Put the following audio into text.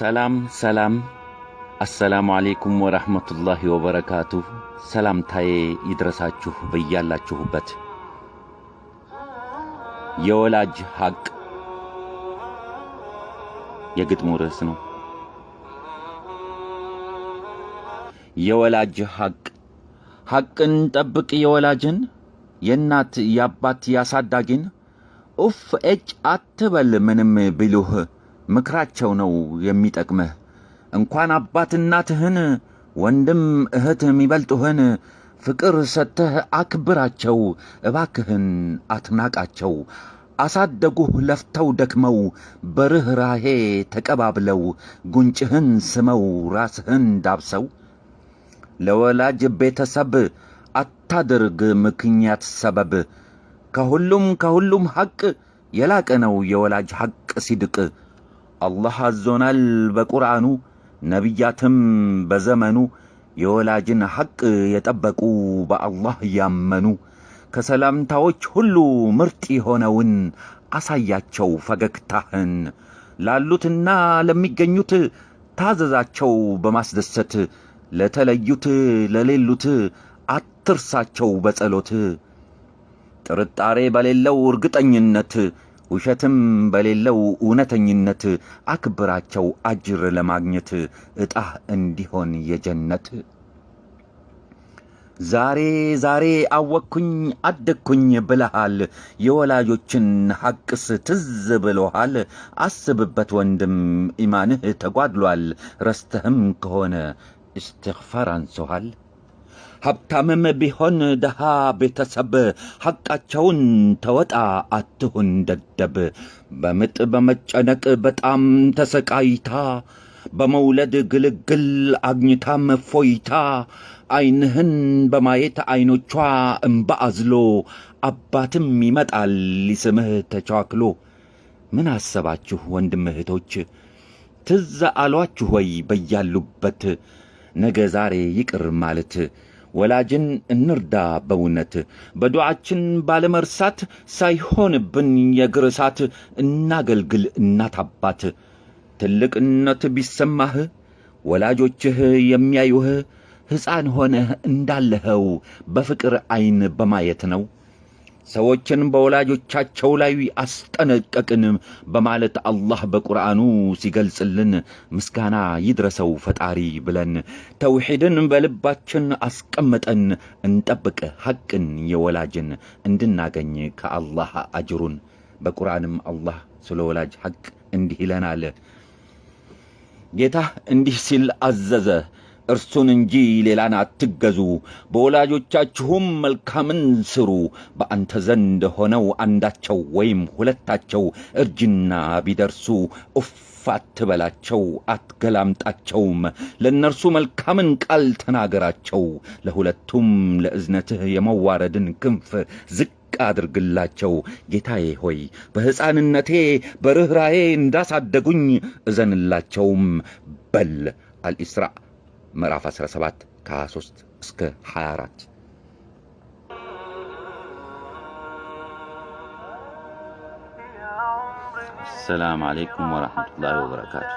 ሰላም ሰላም፣ አሰላሙ አሌይኩም ወረሕመቱላሂ ወበረካቱ። ሰላምታዬ ይድረሳችሁ በያላችሁበት። የወላጅ ሐቅ የግጥሙ ርዕስ ነው። የወላጅ ሐቅ ሐቅን ጠብቅ የወላጅን የእናት የአባት ያሳዳጊን ኡፍ ኤጭ አትበል ምንም ቢሉህ ምክራቸው ነው የሚጠቅምህ። እንኳን አባት እናትህን ወንድም እህት የሚበልጡህን ፍቅር ሰጥተህ አክብራቸው፣ እባክህን አትናቃቸው። አሳደጉህ ለፍተው ደክመው በርኅራሄ ተቀባብለው ጉንጭህን ስመው ራስህን ዳብሰው። ለወላጅ ቤተሰብ አታድርግ ምክንያት ሰበብ። ከሁሉም ከሁሉም ሐቅ የላቀ ነው የወላጅ ሐቅ ሲድቅ አላህ አዞናል በቁርአኑ ነቢያትም በዘመኑ የወላጅን ሐቅ የጠበቁ በአላህ ያመኑ ከሰላምታዎች ሁሉ ምርጥ የሆነውን አሳያቸው ፈገግታህን ላሉትና ለሚገኙት ታዘዛቸው በማስደሰት ለተለዩት ለሌሉት አትርሳቸው በጸሎት ጥርጣሬ በሌለው እርግጠኝነት ውሸትም በሌለው እውነተኝነት አክብራቸው አጅር ለማግኘት እጣ እንዲሆን የጀነት ዛሬ ዛሬ አወቅኩኝ አደግኩኝ ብለሃል። የወላጆችን ሐቅስ ትዝ ብሎሃል። አስብበት ወንድም፣ ኢማንህ ተጓድሏል። ረስተህም ከሆነ እስትግፋር አንሶሃል። ሀብታምም ቢሆን ደሃ ቤተሰብ ሐቃቸውን ተወጣ አትሁን ደደብ። በምጥ በመጨነቅ በጣም ተሰቃይታ በመውለድ ግልግል አግኝታም እፎይታ ዐይንህን በማየት ዐይኖቿ እምባ አዝሎ አባትም ይመጣል ሊስምህ ተቻክሎ። ምን አሰባችሁ ወንድም እህቶች ትዝ አሏችሁ ወይ በያሉበት ነገ ዛሬ ይቅር ማለት ወላጅን እንርዳ በእውነት በዱዓችን ባለመርሳት ሳይሆንብን የእግር እሳት እናገልግል እናት አባት። ትልቅነት ቢሰማህ ወላጆችህ የሚያዩህ ሕፃን ሆነህ እንዳለኸው በፍቅር ዐይን በማየት ነው። ሰዎችን በወላጆቻቸው ላይ አስጠነቀቅን በማለት አላህ በቁርአኑ ሲገልጽልን ምስጋና ይድረሰው ፈጣሪ ብለን ተውሒድን በልባችን አስቀምጠን እንጠብቅ። ሐቅን የወላጅን እንድናገኝ ከአላህ አጅሩን። በቁርአንም አላህ ስለ ወላጅ ሐቅ እንዲህ ይለናል። ጌታ እንዲህ ሲል አዘዘ እርሱን እንጂ ሌላን አትገዙ፣ በወላጆቻችሁም መልካምን ስሩ። በአንተ ዘንድ ሆነው አንዳቸው ወይም ሁለታቸው እርጅና ቢደርሱ እፍ አትበላቸው፣ አትገላምጣቸውም። ለእነርሱ መልካምን ቃል ተናገራቸው። ለሁለቱም ለእዝነትህ የመዋረድን ክንፍ ዝቅ አድርግላቸው። ጌታዬ ሆይ በሕፃንነቴ በርኅራዬ እንዳሳደጉኝ እዘንላቸውም በል አልኢስራ ምዕራፍ 17 ከ23 እስከ 24 ሰላም አለይኩም ወራህመቱላሂ ወበረካቱ።